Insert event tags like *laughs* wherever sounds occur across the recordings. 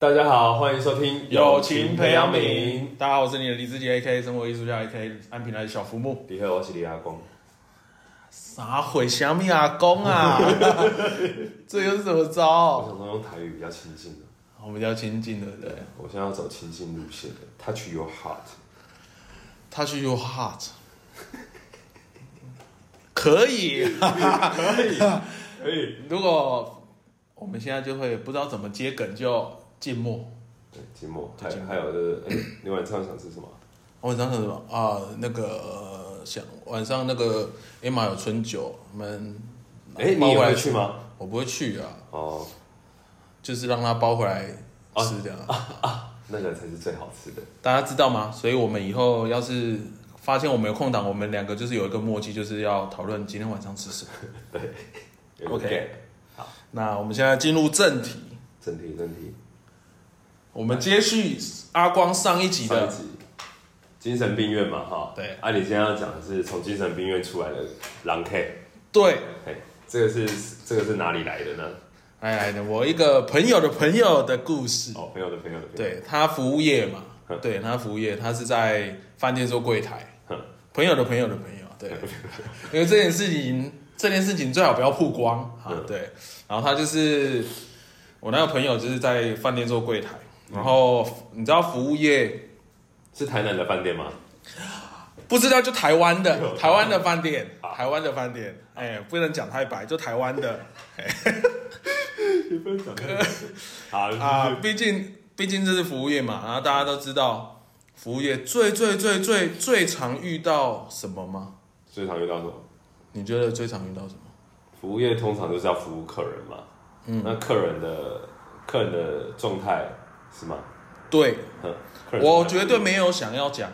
大家好，歡迎收聽友情培養皿。大家好，我是你的理智傑，A K，生活藝術家，A K，安平來的小浮木。你好，我是李阿桄。啥謊，蝦米阿公啊？ *laughs* *laughs* 這又是什麼招？我想說用台語比較親近的，我比較親近的，對。我現在要走親近路線的，Touch Your Heart，Touch Your Heart， *laughs* 可以， *laughs* 可以，可以，可以。 *laughs* 如果我們現在就會不知道怎麼接梗就。芥末，芥末，還還有就、這、是、個 *coughs* 欸，你晚上想吃什麼？我晚上想什麼啊？那個、呃、想晚上那個，Emma 有春酒，我們哎、欸，你會去嗎？我不會去啊。哦，就是讓它包回來吃掉啊,啊,啊，那個才是最好吃的。大家知道嗎？所以我們以後要是發現我們有空檔，我們兩個就是有一個默契，就是要討論今天晚上吃什麼。對，OK，有有好，那我們現在進入正題,正題。正題，正題。我們接續阿光上一集的一集，精神病院嘛，哈、哦，對，阿李、啊、今天要講的是從精神病院出來的狼 K，對，這個是這個是哪裡來的呢？哎，我一個朋友的朋友的故事，哦，朋友的朋友的朋友，對他服務業嘛，哼對他服務業，他是在飯店做櫃台，哼朋友的朋友的朋友，對， *laughs* 因為這件事情，這件事情最好不要曝光、嗯、啊，對，然後他就是我那個朋友，就是在飯店做櫃台。然後你知道服務業是台南的飯店嗎？不知道，就台灣的，沒有台灣的飯店，啊、台灣的飯店，哎、啊欸，不能講太白，就台灣的。也、啊欸、不能講太白。好 *laughs* 啊，畢竟畢竟這是服務業嘛，然後大家都知道服務業最最最最最，最常遇到什麼嗎？最常遇到什麼？你覺得最常遇到什麼？服務業通常就是要服務客人嘛，嗯，那客人的客人的狀態。是嗎？對，我絕對沒有想要講、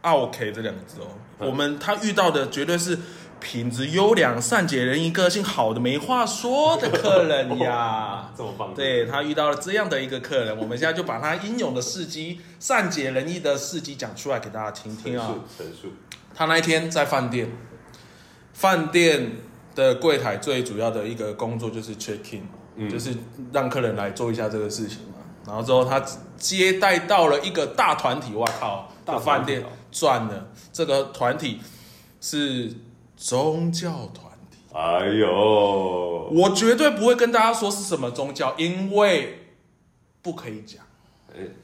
啊、“OK” 這兩個字哦。呵我們他遇到的絕對是品質優良、善解人意、個性好的沒話說的客人呀。這麼棒！對，他遇到了這樣的一個客人，我們現在就把他英勇的事蹟、 *laughs* 善解人意的事蹟講出來給大家聽聽啊。陳述，他那一天在飯店，飯店的櫃檯最主要的一個工作就是 check in、嗯、就是讓客人來做一下這個事情。然後之後他接待到了一個大團體，我靠，大、哦、飯店賺了。這個團體是宗教團體，哎呦，我絕對不會跟大家說是什麼宗教，因為不可以講。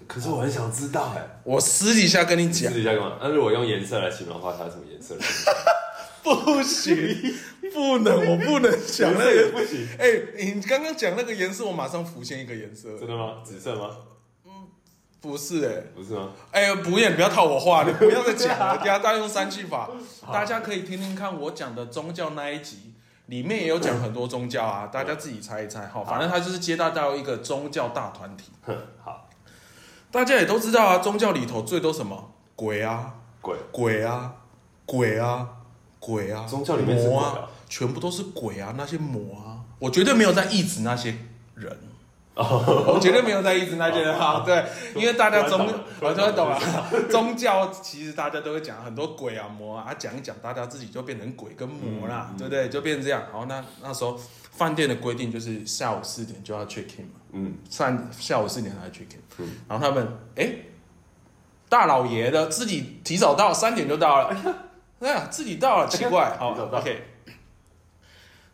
可是我很想知道哎，我私底下跟你講，私底下幹嘛？那如果用顏色來形容的話，它是什麼顏色？ *laughs* 不行，不能，我不能講那個也不行。哎、欸，你剛剛講那個顏色，我馬上浮現一個顏色。真的嗎？紫色嗎？嗯，不是、欸、不是嗎？哎呀、欸，不演，不要套我話，你不要再講了、啊。 *laughs* 等下大家用三句法，好大家可以聽聽看我講的宗教那一集，裡面也有講很多宗教啊， *laughs* 大家自己猜一猜，好，反正它就是接待到一個宗教大團體。 *laughs* 好，大家也都知道啊，宗教裡頭最多什麼？鬼啊，鬼，鬼啊，鬼啊。鬼啊，宗教裡面魔啊，全部都是鬼啊，那些魔啊，我絕對沒有在意指那些人，我絕對沒有在意指那些人啊，對，因為大家宗，我就會懂啊，宗教其實大家都會講很多鬼啊魔啊，講一講大家自己就變成鬼跟魔啦，對不對？就變成這樣。然後那那時候飯店的規定就是下午四點就要 check in 嘛，嗯，算下午四點來 check in，嗯，然後他們哎，大老爺的自己提早到三點就到了。那自己到了奇怪，好 OK。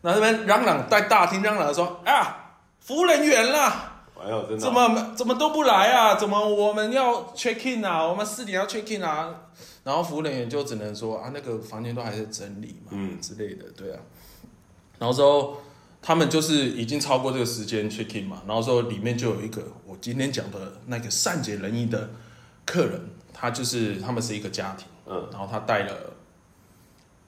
那他們嚷嚷在大廳嚷嚷說，說：“啊，服務人員啦、哎呦真的哦、怎麼怎麼都不來啊？怎麼我們要 check in 啊？我們四點要 check in 啊？”然後服務人員就只能說：“啊，那個房間都還在整理嘛，嗯之類的。”對啊。然後說他們就是已經超過這個時間 check in 嘛。然後說裡面就有一個我今天講的那個善解人意的客人，他就是他們是一個家庭，嗯，然後他帶了。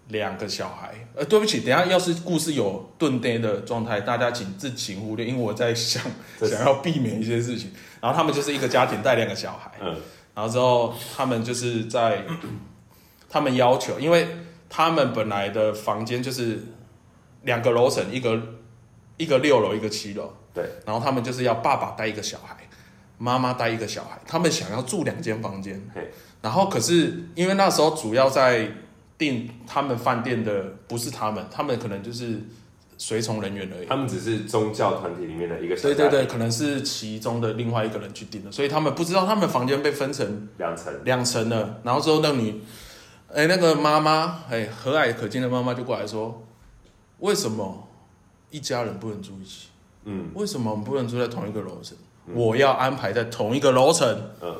兩個小孩，呃、欸，對不起，等下要是故事有頓跌的狀態，大家請自行忽略，因為我在想這是 想要避免一些事情。然後他們就是一個家庭帶兩個小孩，嗯、然後之後他們就是在他們要求，因為他們本來的房間就是兩個樓層，一個一個六樓，一個七樓，對。然後他們就是要爸爸帶一個小孩，媽媽帶一個小孩，他們想要住兩間房間。嘿 然後可是因為那時候主要在。定他們飯店的不是他們，他們可能就是隨從人員而已。他們只是宗教團體裡面的一個。對對對，可能是其中的另外一個人去訂的，所以他們不知道他們房間被分成兩層。兩層了，然後之後那女，欸、那個媽媽，哎、欸，和藹可親的媽媽就過來說，為什麼一家人不能住一起？嗯，為什麼我們不能住在同一個樓層？嗯、我要安排在同一個樓層。嗯。嗯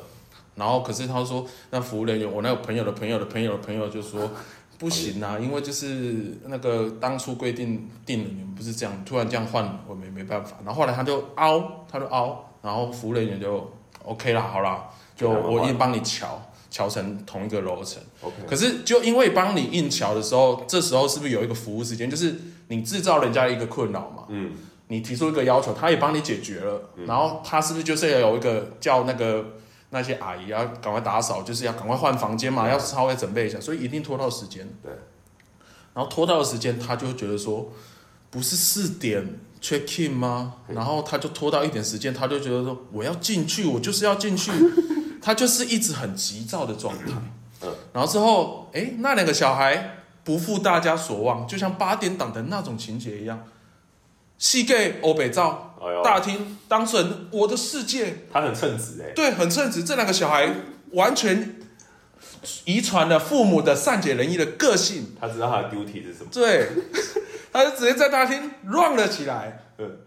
然後可是他說，那服務人員，我那個朋友的朋友的朋友的朋友就說，不行啊，因為就是那個當初規定定的不是這樣，突然這樣換，我們沒辦法。然後後來他就凹，他就凹，然後服務人員就、嗯、OK 啦，好啦，就我一幫你喬喬成同一個樓層。Okay. 可是就因為幫你硬喬的時候，這時候是不是有一個服務時間？就是你制造人家一個困擾嘛。嗯、你提出一個要求，他也幫你解決了，嗯、然後他是不是就是要有一個叫那個？那些阿姨要趕快打掃，就是要趕快換房間嘛，要稍微準備一下，所以一定拖到時間。對，然後拖到的時間，他就覺得說，不是四點 check in 嗎？然後他就拖到一點時間，他就覺得說，我要進去，我就是要進去，他就是一直很急躁的狀態。嗯，然後之後，哎、欸，那兩個小孩不負大家所望，就像八點檔的那種情節一樣。西蓋，歐北照，大廳當成我的世界，他很稱職誒、欸。對，很稱職。這兩個小孩完全遺傳了父母的善解人意的個性。他知道他的 duty 是什麼？對，他就直接在大廳 run 了起來。嗯，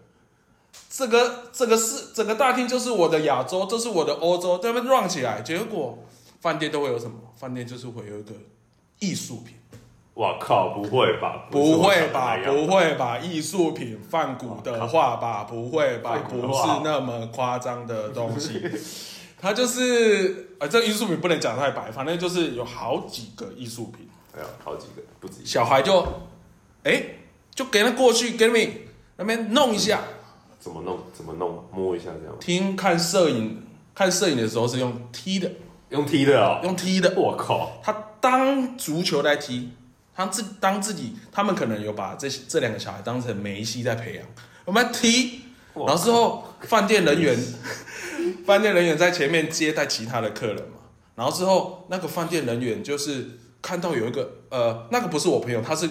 這個這個是整個大廳就是我的亞洲，這、就是我的歐洲，他們 run 起來，結果飯店都會有什麼？飯店就是會有一個藝術品。我靠！不會吧？不，不會吧？不會吧？藝術品梵谷的話吧？不會吧？梵谷的話不是那麼誇張的東西， *laughs* 他就是呃，這藝術品不能講太白，反正就是有好幾個藝術品，哎呀，好幾個不止。小孩就，哎、欸，就給他過去，給你那邊弄一下、嗯，怎麼弄？怎麼弄？摸一下這樣。聽看攝影，看攝影的時候是用踢的，用踢的哦，用踢的。我靠，他當足球來踢。他自當自己，他們可能有把這這兩個小孩當成梅西在培養。我們踢，然後之後飯店人員，我靠 *laughs* 飯店人員在前面接待其他的客人嘛。然後之後那個飯店人員就是看到有一個呃，那個不是我朋友，他是。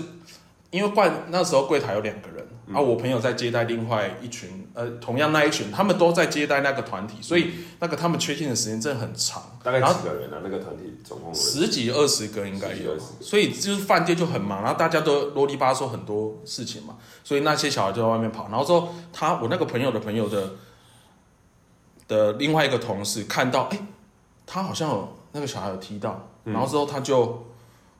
因為那時候櫃檯有兩個人，嗯、啊，我朋友在接待另外一群，呃，同樣那一群，嗯、他們都在接待那個團體，嗯、所以那個他們確定的時間真的很長。嗯、後大概幾個人呢？啊？那個團體總共幾十,十幾二十個應該有，所以就是飯店就很忙，然後大家都囉里吧嗦很多事情嘛，所以那些小孩就在外面跑。然後之後他，他我那個朋友的朋友的的另外一個同事看到，哎、欸，他好像有那個小孩有踢到，嗯、然後之後他就。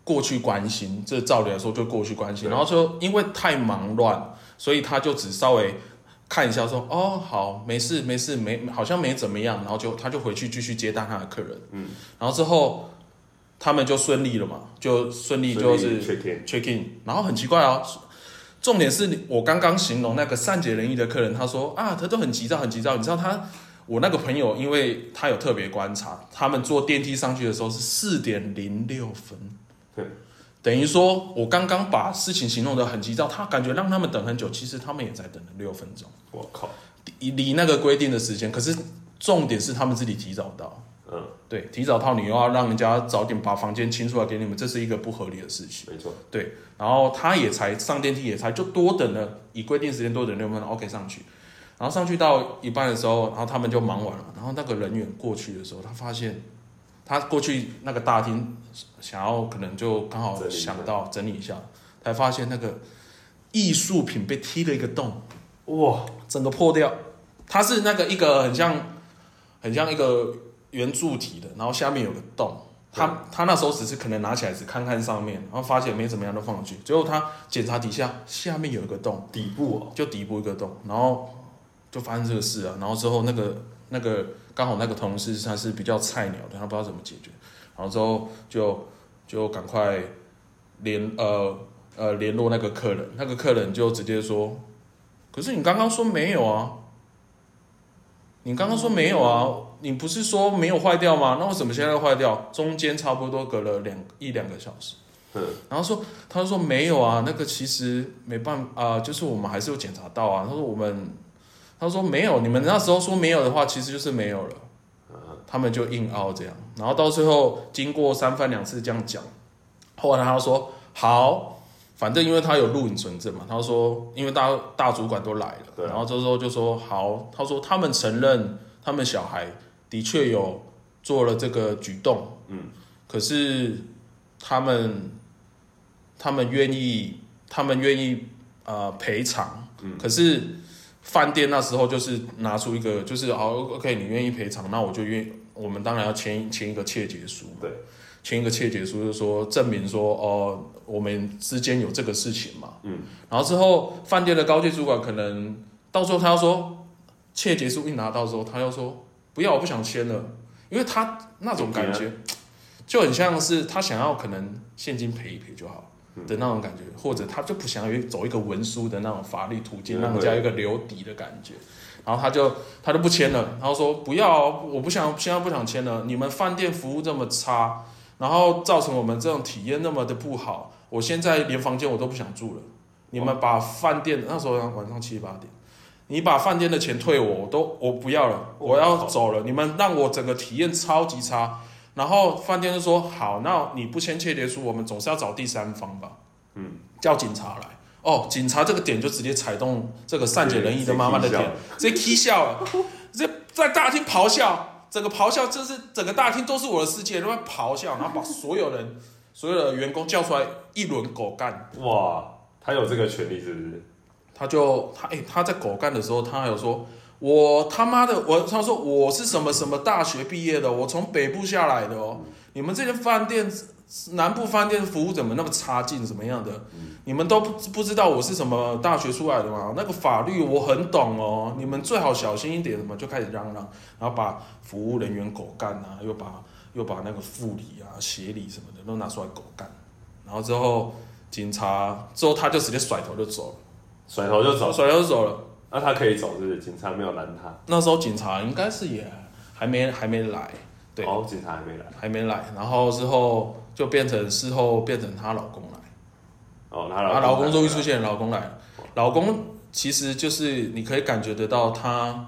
過去關心，這照理來說就過去關心，對然後說因為太忙亂，所以他就只稍微看一下說，說哦好，沒事沒事沒，好像沒怎麼樣，然後就他就回去繼續接待他的客人，嗯，然後之後他們就順利了嘛，就順利就是 check in check in，然後很奇怪哦，重點是我剛剛形容那個善解人意的客人，他說啊他都很急躁很急躁，你知道他我那個朋友，因為他有特別觀察，他們坐電梯上去的時候是四點零六分。對，等於說，我剛剛把事情行動得很急躁，他感覺讓他們等很久，其實他們也才等了六分鐘。我靠，離離那個規定的時間，可是重點是他們自己提早到。嗯，對，提早到你又要讓人家早點把房間清出來給你們，這是一個不合理的事情。沒錯。對，然後他也才上電梯，也才就多等了，以規定時間多等六分鐘，OK，上去。然後上去到一半的時候，然後他們就忙完了。然後那個人員過去的時候，他發現。他過去那個大廳，想要可能就剛好想到整理一下，才發現那個藝術品被踢了一個洞，哇，整個破掉。它是那個一個很像，很像一個圓柱體的，然後下面有個洞。對他他那時候只是可能拿起來只看看上面，然後發現沒怎麼樣都放進去。最後他檢查底下，下面有一個洞，底部哦，就底部一個洞，然後就發生這個事啊。然後之後那個那個。剛好那個同事他是比較菜鳥的，他不知道怎麼解決，然後之後就就趕快聯呃呃聯絡那個客人，那個客人就直接說，可是你剛剛說沒有啊，你剛剛說沒有啊，你不是說沒有壞掉嗎？那為什麼現在壞掉？中間差不多隔了兩一兩個小時，然後他說他說沒有啊，那個其實沒辦法，呃、就是我們還是有檢查到啊，他說我們。他說沒有，你們那時候說沒有的話，其實就是沒有了。他們就硬拗這樣，然後到最後經過三番兩次這樣講，後來他說好，反正因為他有錄影存證嘛，他說因為大大主管都來了，對啊、然後這時候就說好，他說他們承認他們小孩的確有做了這個舉動，嗯、可是他們他們願意，他們願意啊、呃，賠償，可是。嗯飯店那時候就是拿出一個，就是哦，OK，你願意賠償，那我就願，我們當然要簽簽一個切結書，對，簽一個切結書，就是說證明說哦，我們之間有這個事情嘛，嗯，然後之後飯店的高級主管可能到時候他要說切結書一拿到之後，他又說不要，嗯、我不想簽了，因為他那種感覺就很像是他想要可能現金賠一賠就好。的那種感覺，或者他就不想要走一個文書的那種法律途徑，mm hmm. 那種叫一個留底的感覺，然後他就他就不簽了，然後說不要、哦，我不想現在不想簽了，你們飯店服務這麼差，然後造成我們這種體驗那麼的不好，我現在連房間我都不想住了，oh. 你們把飯店那時候晚上七八點，你把飯店的錢退我，mm hmm. 我都我不要了，我要走了，oh my God. 你們讓我整個體驗超級差。然後飯店就說：“好，那你不簽切結書我們總是要找第三方吧？嗯，叫警察來哦。警察這個點就直接踩中這個善解人意的媽媽的點，直接氣笑了。 *laughs* 這在大廳咆哮，整個咆哮、就是，這是整個大廳都是我的世界，然後咆哮，然後把所有人 *laughs* 所有的員工叫出來一輪狗幹。哇，他有這個權利是不是？他就他哎、欸，他在狗幹的時候，他還有說。”我他媽的，我他說我是什麼什麼大學畢業的，我從北部下來的哦。嗯、你們這些飯店，南部飯店服務怎麼那麼差勁，什麼樣的？嗯、你們都不不知道我是什麼大學出來的嗎？那個法律我很懂哦，你們最好小心一點，什麼就開始嚷嚷，然後把服務人員狗幹啊，又把又把那個副理啊、協理什麼的都拿出來狗幹。然後之後警察之後他就直接甩頭就走了，甩頭就走，甩頭就走了。那、啊、他可以走是是，就是警察沒有攔他。那時候警察應該是也還沒還沒來，對、哦，警察還沒來，還沒來。然後之後就變成事後變成她老公來，哦，她老公，終於出現，老公，老公來哇老公其實就是你可以感覺得到，他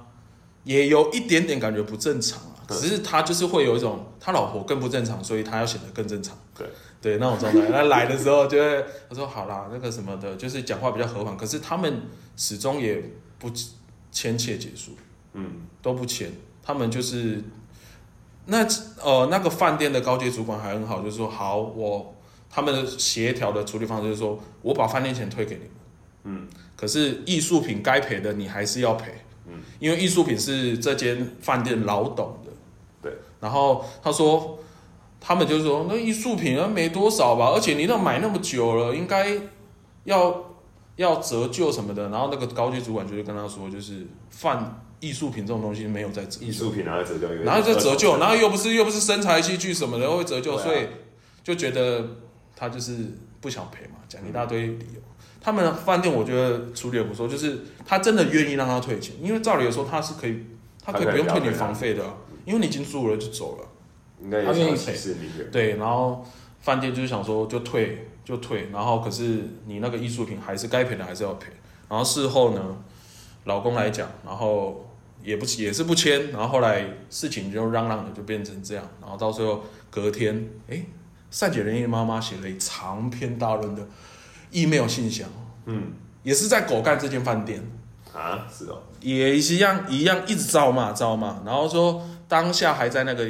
也有一點點感覺不正常啊，呵可是他就是會有一種他老婆更不正常，所以他要顯得更正常。對，對，那種狀態。 *laughs* 那來的時候，就會他說好啦，那個什麼的，就是講話比較和緩。可是他們始終也。不簽切結束，嗯，都不簽。他們就是那呃那個飯店的高階主管還很好，就是說好，我他們協調的處理方式就是說我把飯店錢退給你們，嗯。可是藝術品該賠的你還是要賠，嗯，因為藝術品是這間飯店老董的，對。然後他說他們就是說那藝術品啊沒多少吧，而且你都買那麼久了，應該要。要折舊什麼的，然後那個高級主管就會跟他說，就是放藝術品這種東西沒有在折舊。藝術品哪有折舊？然後在折舊？然後又不是又不是生產設備什麼的又會折舊，啊、所以就覺得他就是不想賠嘛，講一大堆理由。嗯、他們飯店我覺得處理也不錯，就是他真的願意讓他退錢，因為照理說他是可以，他可以不用退你房費的，因為你已經住了就走了，應也他願意賠對，然後飯店就是想說就退。就退，然後可是你那個藝術品還是該賠的還是要賠，然後事後呢，老公來講，然後也不也是不簽，然後後來事情就嚷嚷的就變成這樣，然後到最後隔天，哎，善解人意媽媽寫了一長篇大論的 email 信箱，嗯，也是在狗幹這間飯店啊，是哦，也一樣一樣一直照罵照罵，然後說當下還在那個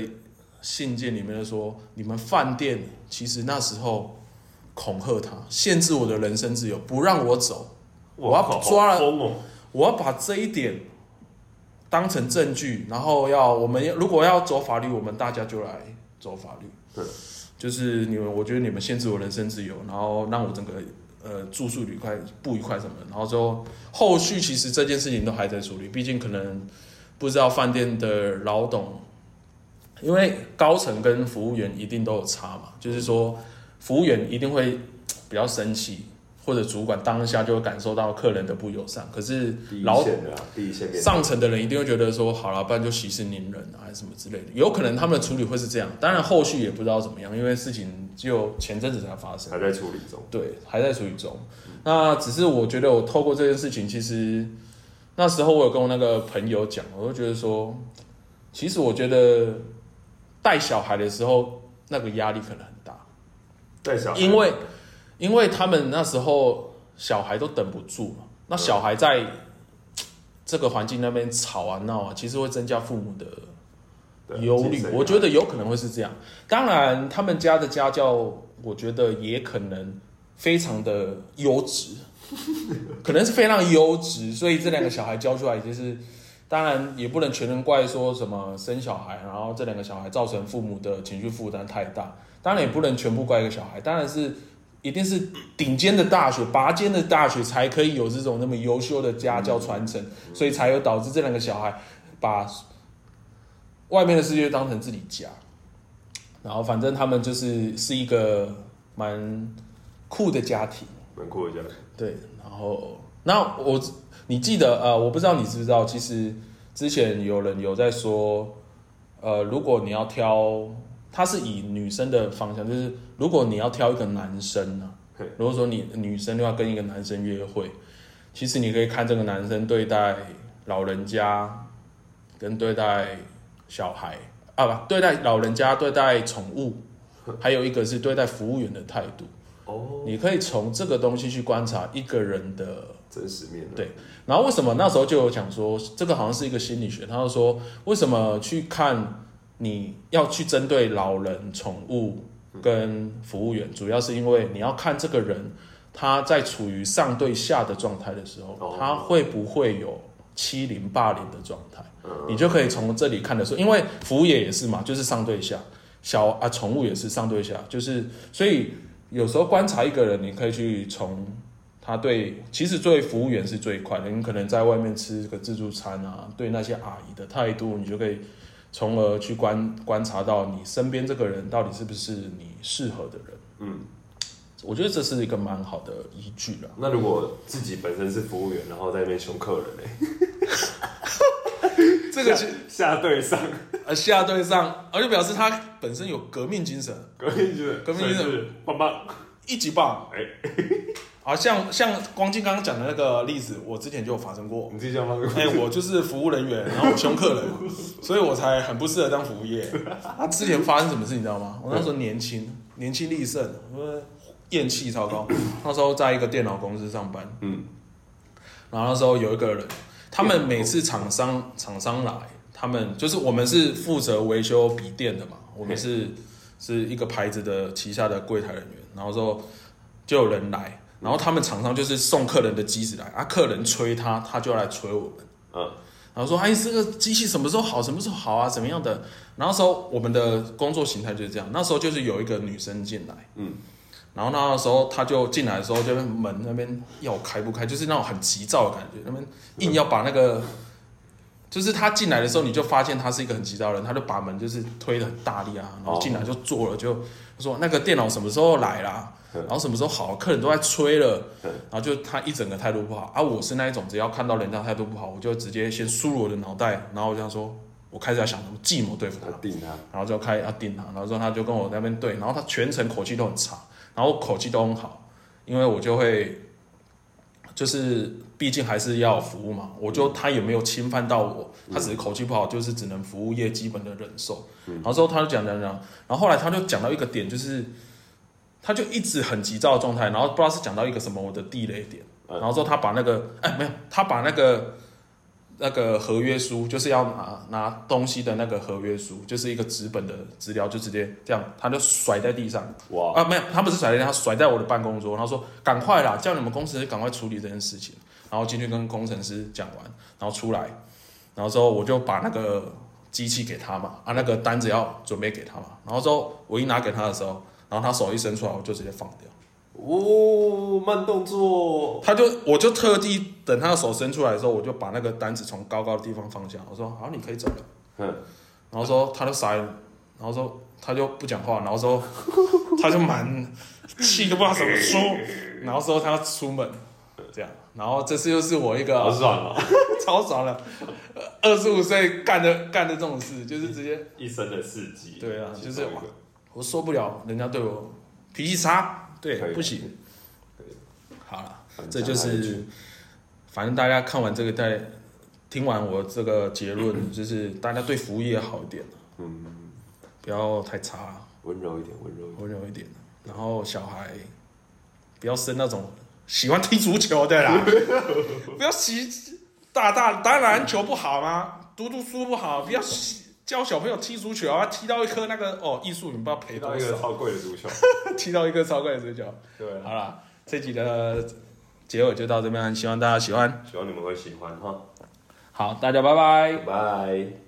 信件裡面說，你們飯店其實那時候。恐嚇他，限制我的人身自由，不讓我走。我要抓了，我要把這一點當成證據，然後要我們如果要走法律，我們大家就來走法律。對，就是你們，我覺得你們限制我的人身自由，然後讓我整個呃住宿愉快不愉快什麼，然後之後後續其實這件事情都還在處理，畢竟可能不知道飯店的老總，因為高層跟服務員一定都有差嘛，就是說。服務員一定會比較生氣，或者主管當下就會感受到客人的不友善。可是老，第一線的、啊，線上層的人一定會覺得說：“好了，不然就息事寧人啊，還是什麼之類的。”有可能他們的處理會是這樣。當然，後續也不知道怎麼樣，因為事情就前陣子才發生，還在處理中。對，還在處理中。嗯、那只是我覺得，我透過這件事情，其實那時候我有跟我那個朋友講，我就覺得說，其實我覺得帶小孩的時候，那個壓力可能。因為，因為他們那時候小孩都等不住嘛，那小孩在這個環境那邊吵啊鬧啊，其實會增加父母的憂慮。我覺得有可能會是這樣。當然，他們家的家教，我覺得也可能非常的優質，可能是非常優質，所以這兩個小孩教出來就是，當然也不能全然怪說什麼生小孩，然後這兩個小孩造成父母的情緒負擔太大。當然也不能全部怪一個小孩，當然是一定是頂尖的大學、拔尖的大學才可以有這種那麼優秀的家教傳承，所以才有導致這兩個小孩把外面的世界當成自己家，然後反正他們就是是一個蠻酷的家庭，蠻酷的家庭。對，然後那我你記得啊，呃，我不知道你知不知道，其實之前有人有在說，呃，如果你要挑。他是以女生的方向，就是如果你要挑一個男生呢？啊，如果說你女生的話，跟一個男生約會，其實你可以看這個男生對待老人家，跟對待小孩啊，不，對待老人家、對待寵物，還有一個是對待服務員的態度。哦，oh. 你可以從這個東西去觀察一個人的真實面。對，然後為什麼那時候就有講說，這個好像是一個心理學，他就說為什麼去看。你要去針對老人、寵物跟服務員，主要是因為你要看這個人他在處於上對下的狀態的時候，他會不會有欺凌、霸凌的狀態，你就可以從這裡看得出。因為服務員也是嘛，就是上對下，小啊寵物也是上對下，就是所以有時候觀察一個人，你可以去從他對，其實作為服務員是最快的。你可能在外面吃個自助餐啊，對那些阿姨的態度，你就可以。從而去觀觀察到你身邊這個人到底是不是你適合的人，嗯，我覺得這是一個蠻好的依據了。那如果自己本身是服務員，然後在那邊凶客人呢？這個是下對上，下對上，而且表示他本身有革命精神，革命精神，革命精神，棒棒，一級棒，欸 *laughs* 啊，像像光進剛剛講的那個例子，我之前就有發生過。你自己講嗎？哎，我就是服務人員，然後我凶客人， *laughs* 所以我才很不適合當服務業。他、 *laughs* 啊、之前發生什麼事你知道嗎？我那時候年輕，嗯、年輕力盛，怨氣超高。嗯、那時候在一個電腦公司上班，嗯，然後那時候有一個人，他們每次廠商廠商來，他們就是我們是負責維修筆電的嘛，我們是嘿是一個牌子的旗下的櫃檯人員，然後之後就有人來。然後他們廠商就是送客人的機子來啊，客人催他，他就來催我們，嗯、啊，然後說，哎，這個機器什麼時候好，什麼時候好啊，怎麼樣的？然後時候我們的工作形態就是這樣，那時候就是有一個女生進來，嗯，然後那時候她就進來的時候，就那門那邊要開不開，就是那種很急躁的感覺，那邊硬要把那個。就是他進來的時候，你就發現他是一個很急躁的人，他就把門就是推得很大力啊，然後進來就坐了，就說那個電腦什麼時候來啦？然後什麼時候好？客人都在催了，然後就他一整個態度不好啊！我是那一種，只要看到人家態度不好，我就直接先輸入我的腦袋，然後我就想說，我開始在想什麼計謀對付他，頂他，然後就開始要頂他，然後說他就跟我那邊對，然後他全程口氣都很差，然後我口氣都很好，因為我就會。就是畢竟還是要服務嘛，我就，他也沒有侵犯到我，他只是口氣不好，嗯、就是只能服務業基本的忍受。嗯、然後之後他就講講講，然後後來他就講到一個點，就是他就一直很急躁的狀態，然後不知道是講到一個什麼我的地雷點，嗯、然後之後他把那個哎、欸、沒有，他把那個。那個合約書就是要拿拿東西的那個合約書，就是一個紙本的資料，就直接這樣，他就甩在地上。哇 Wow. 啊，沒有，他不是甩在地上，他甩在我的辦公桌。他說：“趕快啦，叫你們工程師趕快處理這件事情。”然後進去跟工程師講完，然後出來，然後之後我就把那個機器給他嘛，啊，那個單子要準備給他嘛。然後之後我一拿給他的時候，然後他手一伸出來，我就直接放掉。哦，oh, 慢動作，他就我就特地。等他的手伸出來的時候，我就把那個單子從高高的地方放下。我說：“好、啊，你可以走了。”然後說他都傻眼，然後說他就不講話，然後說 *laughs* 他就蠻氣，都不知道怎麼說。然後說他要出門，這樣。然後這次又是我一個，啊、 *laughs* 超爽了，二十五歲幹的幹的這種事，就是直接一,一生的刺激。對啊，就是我受不了人家對我脾氣差，對不行。好了，了好啦這就是。反正大家看完這個，再聽完我這個結論，就是大家對服務業好一點，嗯，不要太差，溫柔一點，溫柔一點，溫柔一點。然後小孩不要生那種喜歡踢足球的啦，不要洗大大打籃球不好嗎？讀讀書不好，不要教小朋友踢足球啊，踢到一顆那個哦，藝術你不要賠到一個超貴的足球，踢到一個超貴的足球。好了，這集的結尾就到這邊，希望大家喜歡，希望你們會喜歡哈。好，大家拜拜，拜拜。